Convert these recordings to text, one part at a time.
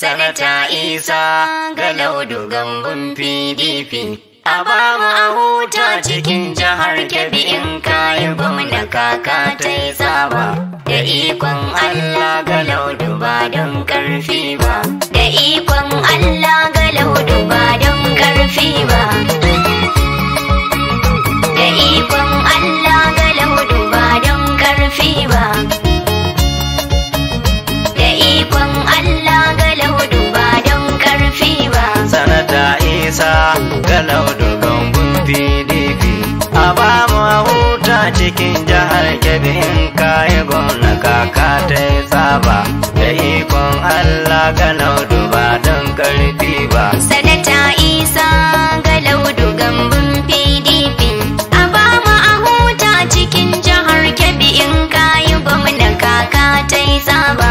sanata isa ga laudu gambun pdp a ba mu a huta cikin jihar kebbi in kayi gwamna kaka ta yi tsaba da ikon allah ga laudu ba don karfi ba da ikon allah ga laudu ba don karfi ba da ikon allah ga laudu ba don karfi ba nisa galau dukan gambun pdp a ba mu huta cikin jihar kebin kayi gwamna ka ta yi saba da ikon allah galau ba don karfi ba sanata isa galau dukan gambun pdp a ba mu huta cikin jihar kebin kayi gwamna ka ta yi saba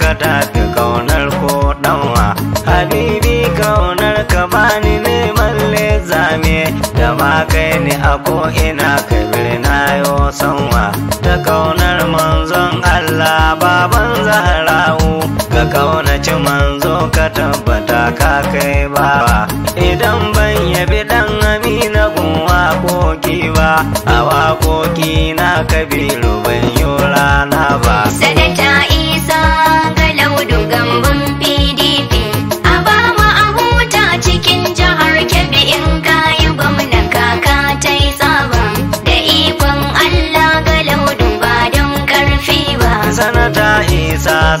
ka tafi kaunar ko ɗanwa habibi kaunar ka bani neman lezame da ba kai ne a ina ka birna yo sanwa ta kaunar manzon Allah baban zahra'u ka kaunaci manzo ka tabbata ka kai baba idan ban yabi dan amina gun waƙoƙi ba a waƙoƙi na kabiru ban yi rana ba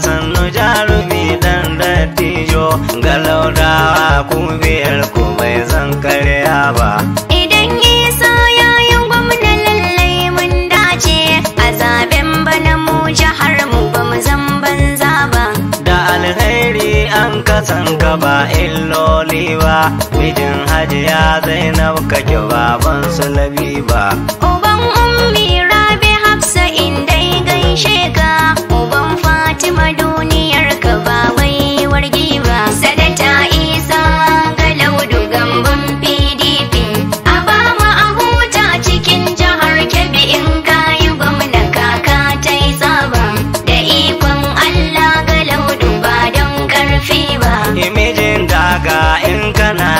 sannu jarumi dan dattijo ga laudawa ku biyar ku mai zan karya ba idan iso yayin gwamna lallai mun dace a zaben bana mu jihar mu ba mu zan banza ba da alheri an kasan ka ba illoli ba mijin hajiya zainab kake baban su ba uban ummi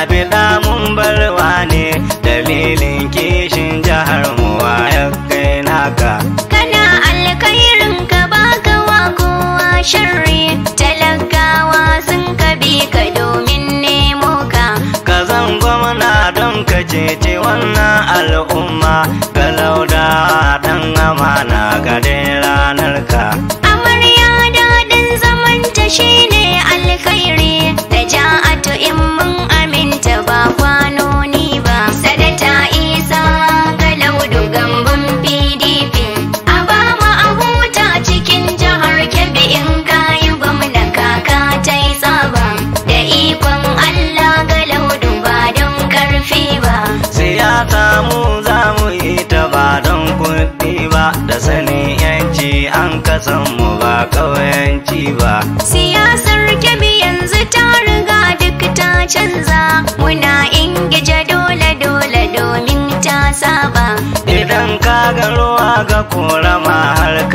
na mun barwa ne dalilin kishin jihar mu ya kai naka kana alkhairin ka baka wa kowa sharri talakawa sun ka bi ka domin nemo ka ka zan gwamna don ka cece wannan al'umma ka lauda dan amana ga ranar ka amarya dadin zamanta shine alkhairi da ja'atu in korama har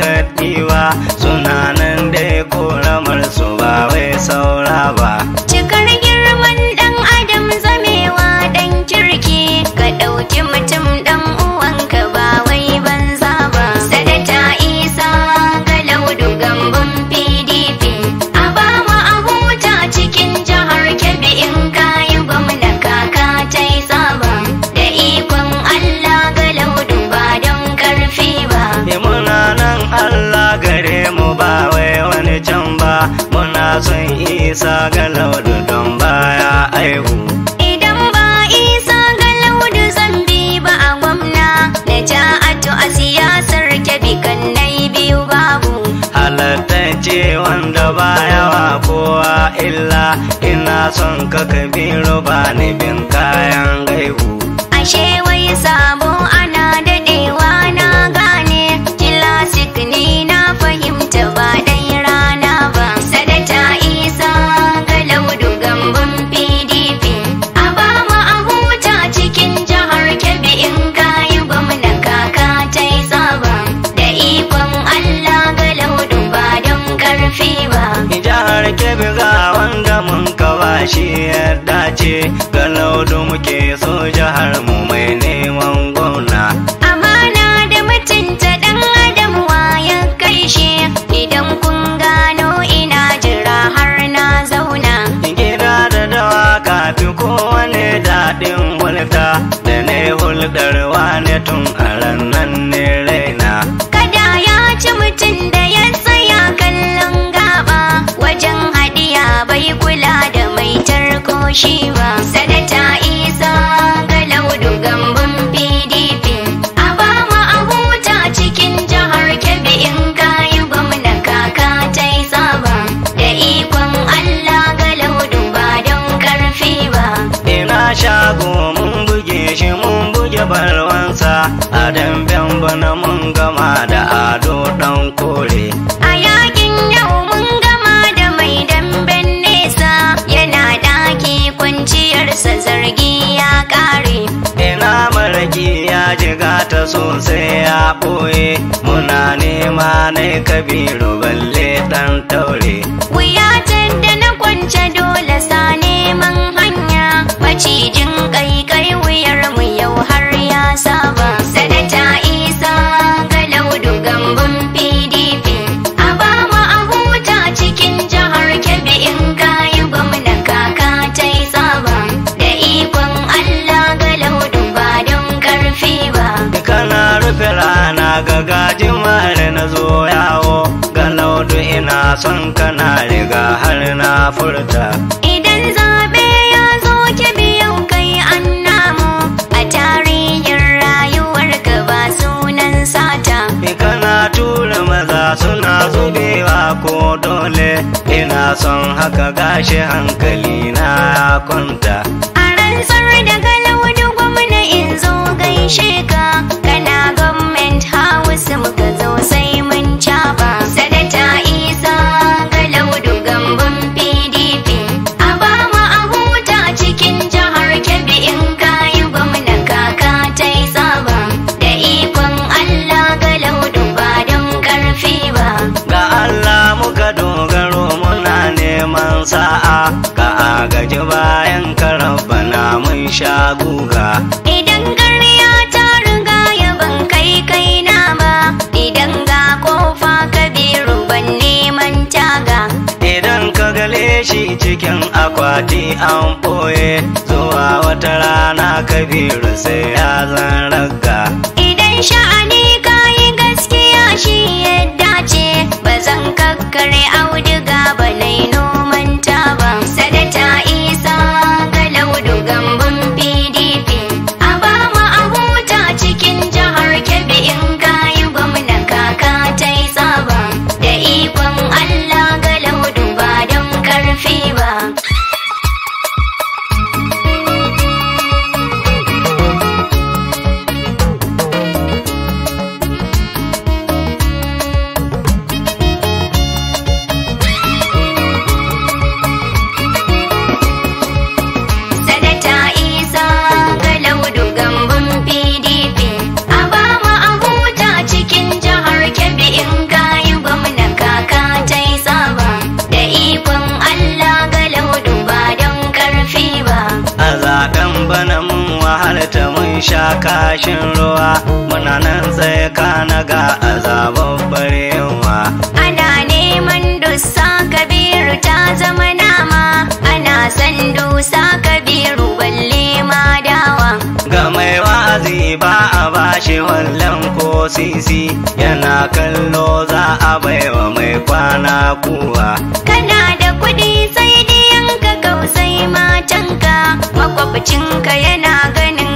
isa ga laudu don baya aihu idan ba isa ga laudu zan bi ba a gwamna na ja a to a siyasar kebi kan nai biyu babu ce wanda baya wa kowa illa ina son ka kabiru ba bin kayan gaihu shi yarda ce galau da muke so jihar mu She ba sosai ya ɓoye muna nema ne kabiru balle ɗan taure wuya da na kwance dole sa neman hanya macijin ƙaiƙai. son kana riga har na furta idan zaɓe ya zo ki biyan kai an namu a tarihin rayuwar ka ba sunan sata kana tura maza suna zubewa ko dole ina son haka gashi hankali na kwanta a rantsar da galau gwamna in zo gaishe ka akwati an ɓoye zuwa wata rana kabiru sai ya zan ragga. Idan sha'ani ka yi gaskiya shi yadda ce, ba zan kakkare auduga ba naino. sha kashin ruwa muna nan sai ka naga azabar barewa ana neman dusa kabiru ta zama nama ana san dusa kabiru balle ma dawa ga mai wa'azi ba a bashi wallan ko sisi yana kallo za a baiwa mai kwana kuwa kana da kuɗi sai diyanka kausai matanka makwabcinka yana ganin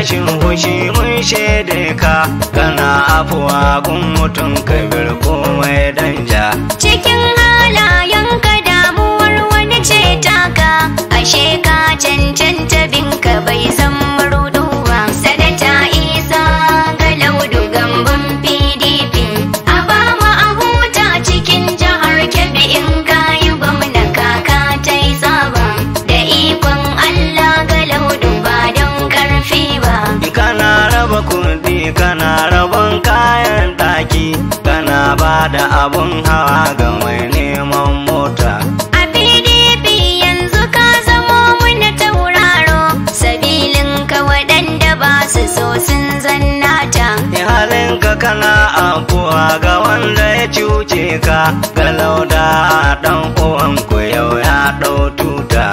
tashin hushi mun shaida ka kana afuwa gun mutum kabir komai danja cikin ka damuwar wani ce taka ashe ka cancanta binka bai abun hawa ga mai neman mota a pdp yanzu ka zamo muna tauraro sabilin ka waɗanda ba su so sun zannata halin ka kana abuwa ga wanda ya cuce ka ga lauda ɗan uwanku yau ya ɗau tuta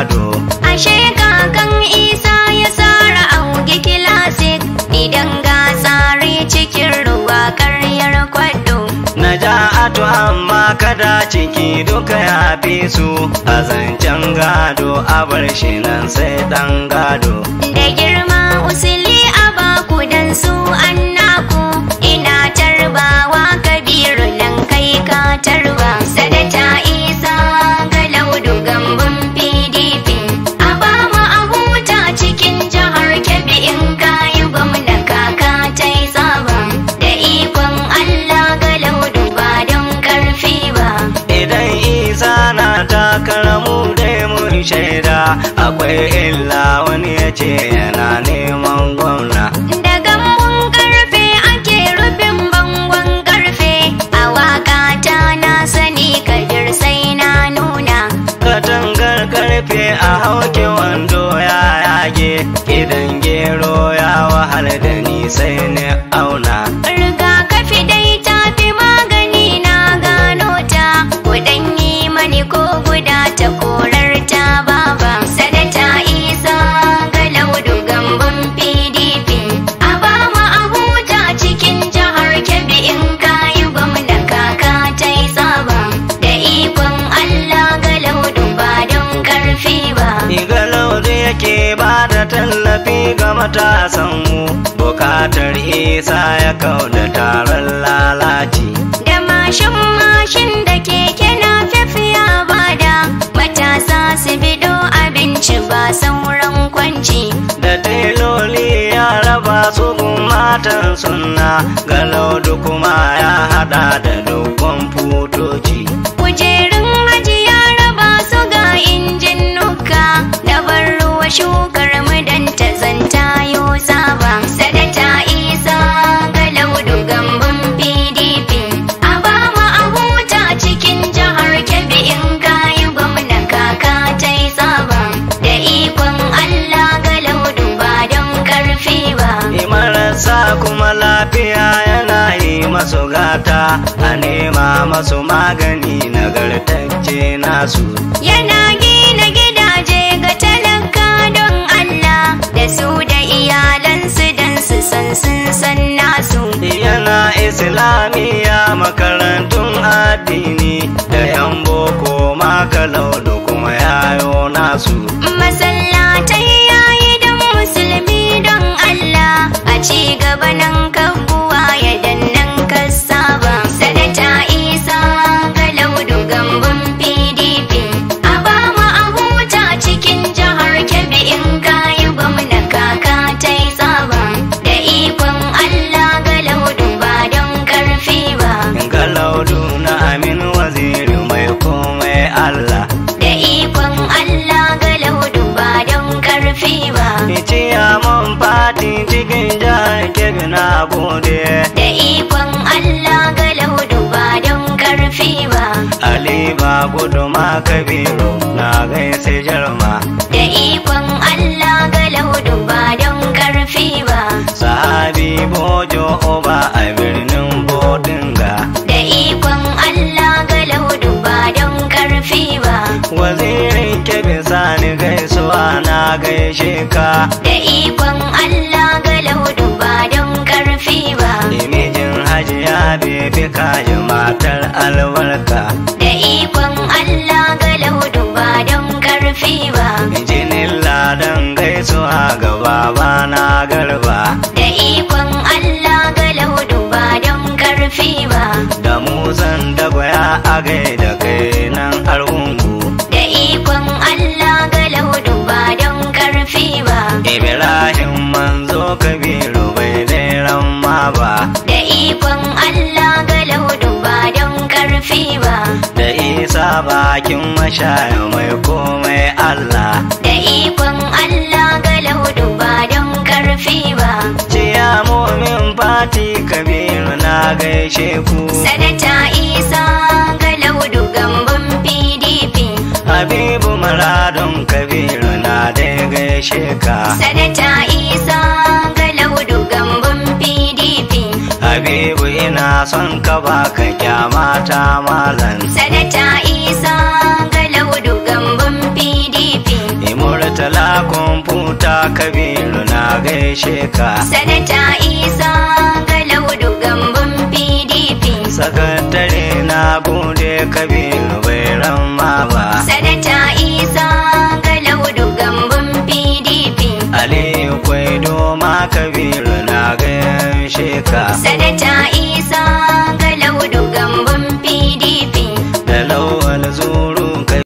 gado ashe kakan isa ya tsara auge kilasik idan ga tsari cikin ruwa karyar kwado na ja ato amma kada ciki duka ya fi su a zancen gado a bar shi nan sai dan gado da girma akwai illa wani ya ce da tallafi ga matasanmu bukatar isa ya kau taron lalaci da mashin mashin da keke na tafiya bada matasa su bido abinci ba sauran kwanci da teloli ya raba su matan sunna galaudu kuma ya hada da dukkan futoci Shoot. raba su ga injin nuka ruwa shuka masu magani nagartacce nasu yana gina gidaje ga talaka don Allah da su da iyalansu don su san sun san nasu yana islamiyya, makarantun addini da yan boko makalau na gode da ikon Allah ga lahudu ba don karfi ba ali ba gudu ma kabiru na gaisa jarma da ikon Allah ga lahudu ba don karfi ba sahabi bojo oba a birnin bodinga da ikon Allah ga lahudu ba don karfi ba wazirin kebisa ni gaisuwa na gaishe ka da ikon Allah laifi ba mijin hajiya bebe kaji matar albarka da ikon allah ga laudu ba don karfi ba jinin ladan gaisuwa ga baba na garba da ikon allah ga laudu ba don karfi ba da musan da gwaya a gaida kai nan argungu da ikon allah ga laudu ba don karfi ba ibrahim manzo kai ba da ikon Allah galau ba don karfi ba da isa bakin mashaya mai komai Allah da ikon Allah galau ba don karfi ba ciya mumin fati kabiru na gaishe ku sanata isa galau gambon pdp habibu maradon kabiru na da gaishe ka sanata isa son ka baka kyamata malam Sadata isa laudu gambun pdp murtala kwamfuta kabiru na gaishe ka Sadata isa laudu gambun pdp sakatare na gode kabiru bai ramma ba Sadata isa laudu gambun pdp aliyu kwai ma kabiru na gaishe ka Sadata isa